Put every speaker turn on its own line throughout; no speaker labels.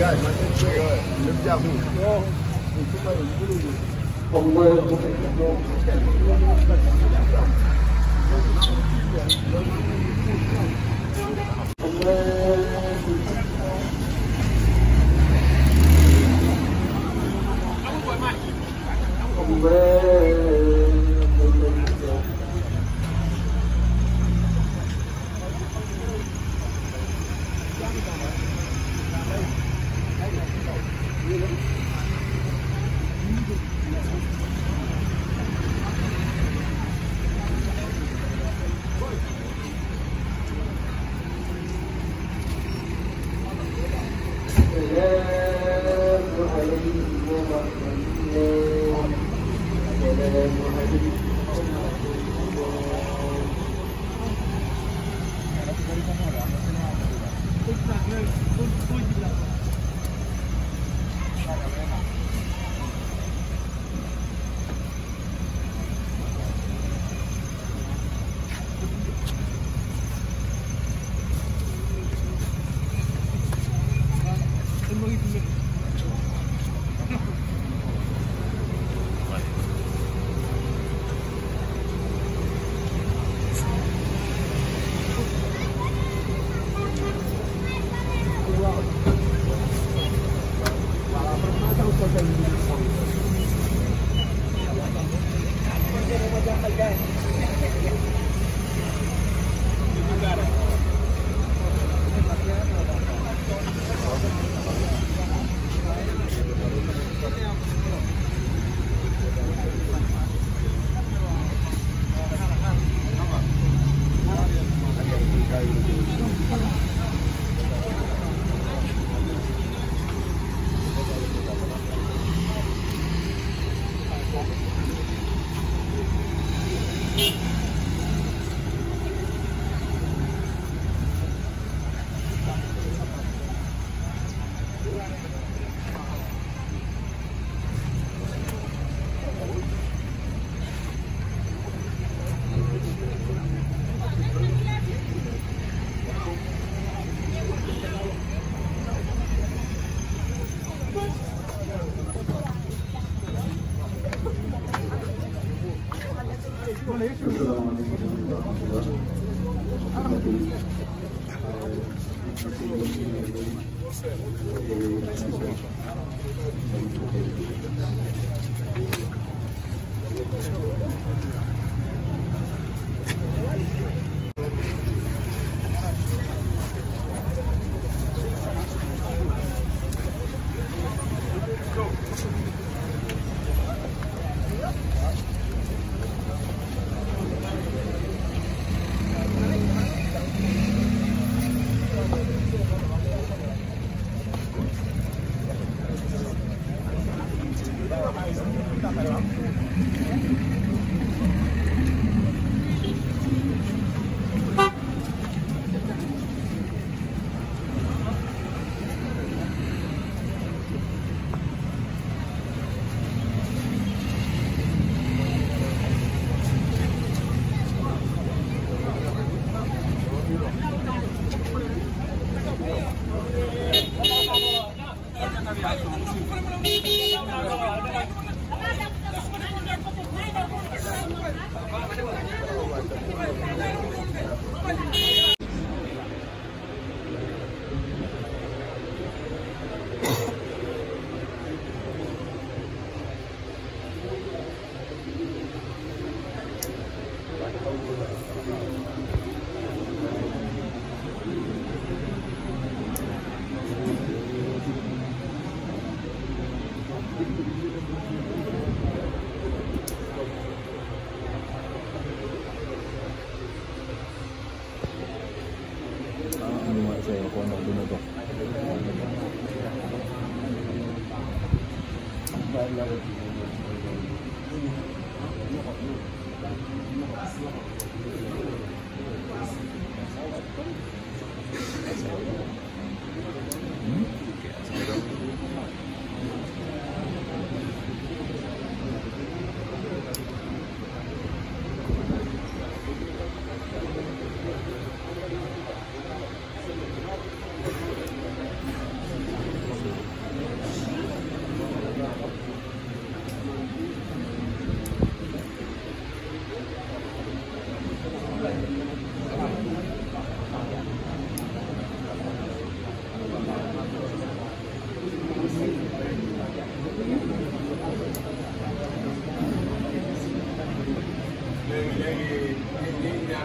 gars yi man de si yow lépp jàpp
na.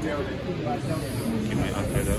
qui met en valeur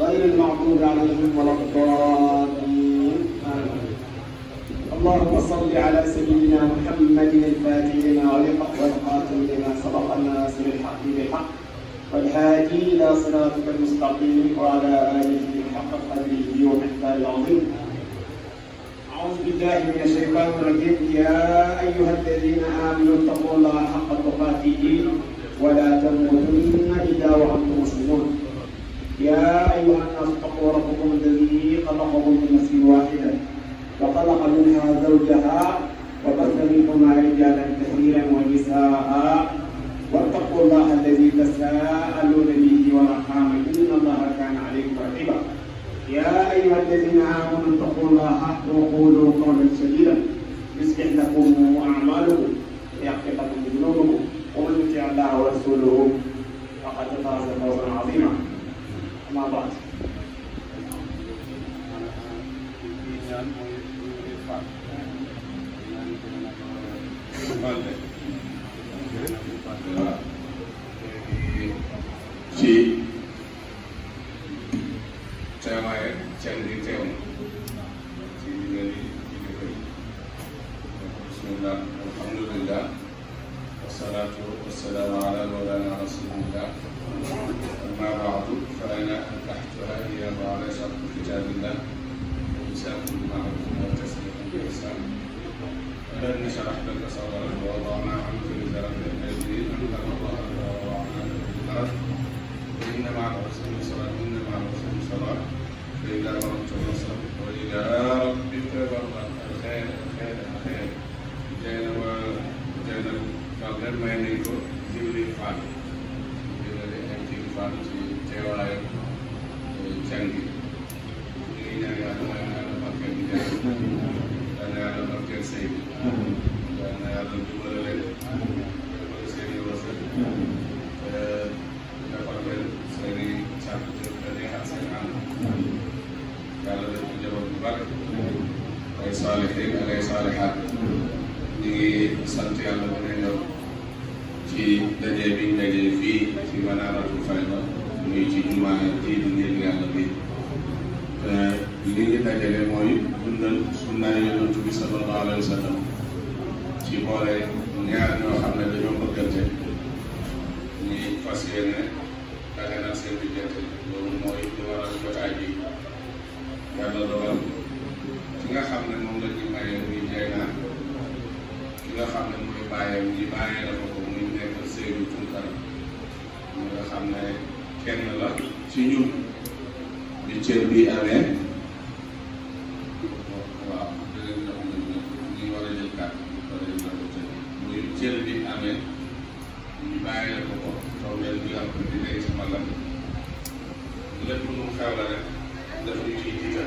غير المغضوب عليهم ولا الضالين اللهم صل على سيدنا محمد الفاتح لما علق والقاتل لما سبق الناس بالحق بحق والهادي الى صراطك المستقيم وعلى اله حق قدره ومقداره العظيم أعوذ بالله من الشيطان الرجيم يا أيها الذين آمنوا اتقوا الله حق تقاته ولا تموتن إلا وأنتم أيها الناس اتقوا ربكم الذي خلقكم من نفس واحدة وخلق منها زوجها وبث منهما رجالا كثيرا ونساء واتقوا الله الذي تساءلون به والأرحام إن الله كان عليكم رقيبا يا أيها الذين آمنوا اتقوا الله وقولوا قولا سديدا يصلح لكم أعمالكم ويغفر لكم ذنوبكم ومن يطع الله ورسوله فقد فاز فوزا عظيما أما بعد
ci يسامون معه تسليما وإحسانا رب اشرح لك صدرك ووضعنا عنك وزرك الذي أنت وضعك ووضعنا لك الأرض فإن مع العسر يسرا إن مع العسر يسرا فإذا مرضت نصرا وإلى ربك برا الخير الخير الخير جانب جانب فقر ما ينيكو جبريل فاضل جبريل فاضل ci teewaayam jàngi ñu ngi ñaan yàlla yal na yàlla barkeel sëy bi yal na yàlla jubale leen jubale seen i wërsëg defal leen seen i sàkk jëf da neexal seen ànd yàlla def ko jabar bu bare ay saalihiin ak ay saalihaat ñu ngi sant yàlla ba ne ñëw ci dajee bi ñu dajee fii ci Manaratul Fayda muy ci jumaa ji di néeg yàlla bi li ñu dajale mooy dundal sunnaay yonent bi sallallahu alayhi wa sallam ci boole ñaar ñoo xam ne dañoo bëggante ñi fas yéene daganal seen diggante loolu mooy li waral jotaay bi yàlla ki nga xam ne moom la ñu mayee muy jay naa ki nga xam ne mooy bàyyeem ñi bàyyee dafa ko muy nekk Seydou Tunkara mu nga xam ne kenn la ci ñun bi cër bi amee ndaw la rek dafa ñu ciy jiital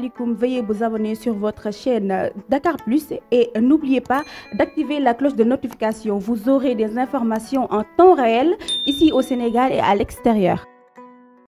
ñu vous abonner sur votre chaîne Dakar Plus et n'oubliez pas d'activer la cloche de notification. Vous aurez des informations en temps réel ici au Sénégal et à l'extérieur.